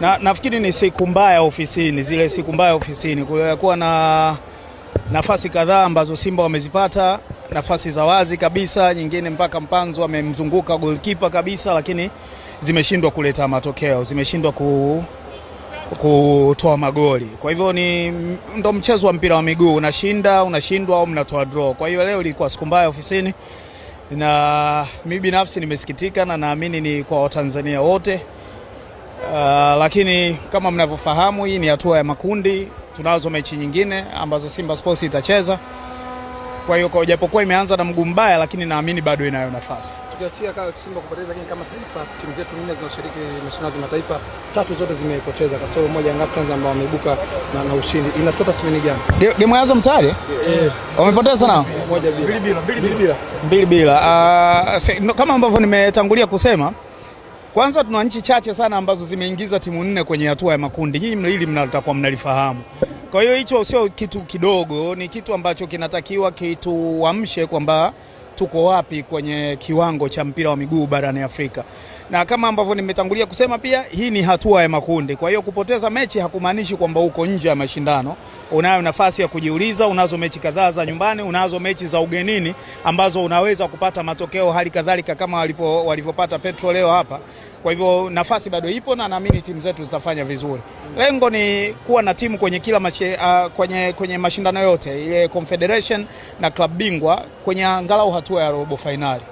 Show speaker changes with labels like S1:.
S1: Na nafikiri ni siku mbaya ofisini, zile siku mbaya ofisini, kulikuwa na nafasi kadhaa ambazo Simba wamezipata nafasi za wazi kabisa, nyingine mpaka mpanzo amemzunguka goalkeeper kabisa, lakini zimeshindwa kuleta matokeo, zimeshindwa ku kutoa magoli. Kwa hivyo ni ndo mchezo wa mpira wa miguu, unashinda unashindwa, au mnatoa draw. Kwa hiyo leo ilikuwa siku mbaya ofisini, na mimi binafsi nimesikitika, na naamini ni kwa Watanzania wote. Uh, lakini kama mnavyofahamu hii ni hatua ya makundi, tunazo mechi nyingine ambazo Simba Sports itacheza. Kwa hiyo kwa japokuwa imeanza na mguu mbaya, lakini naamini bado inayo nafasi.
S2: Tukiachia kama Simba kupoteza, lakini kama taifa, timu zetu nne zinashiriki mashindano ya kimataifa tatu zote zimepoteza kasoro moja, Yanga Africans ambao wameibuka na, na ushindi. Inatoa tathmini gani
S1: game yaanza mtari Eh, wamepoteza sana
S2: moja bila bila bila
S1: bila, bila uh, kama ambavyo nimetangulia kusema kwanza tuna nchi chache sana ambazo zimeingiza timu nne kwenye hatua ya makundi. Nyinyi hili mnatakuwa mnalifahamu. Kwa hiyo hicho sio kitu kidogo, ni kitu ambacho kinatakiwa kituamshe kwamba tuko wapi kwenye kiwango cha mpira wa miguu barani Afrika. Na kama ambavyo nimetangulia kusema pia, hii ni hatua ya makundi. Kwa hiyo kupoteza mechi hakumaanishi kwamba uko nje ya mashindano unayo nafasi ya kujiuliza. Unazo mechi kadhaa za nyumbani, unazo mechi za ugenini ambazo unaweza kupata matokeo, hali kadhalika kama walipo walivyopata Petro leo hapa. Kwa hivyo nafasi bado ipo na naamini timu zetu zitafanya vizuri. Lengo ni kuwa na timu kwenye kila mashe, uh, ah, kwenye, kwenye mashindano yote ile Confederation na klabu bingwa kwenye angalau hatua ya robo fainali.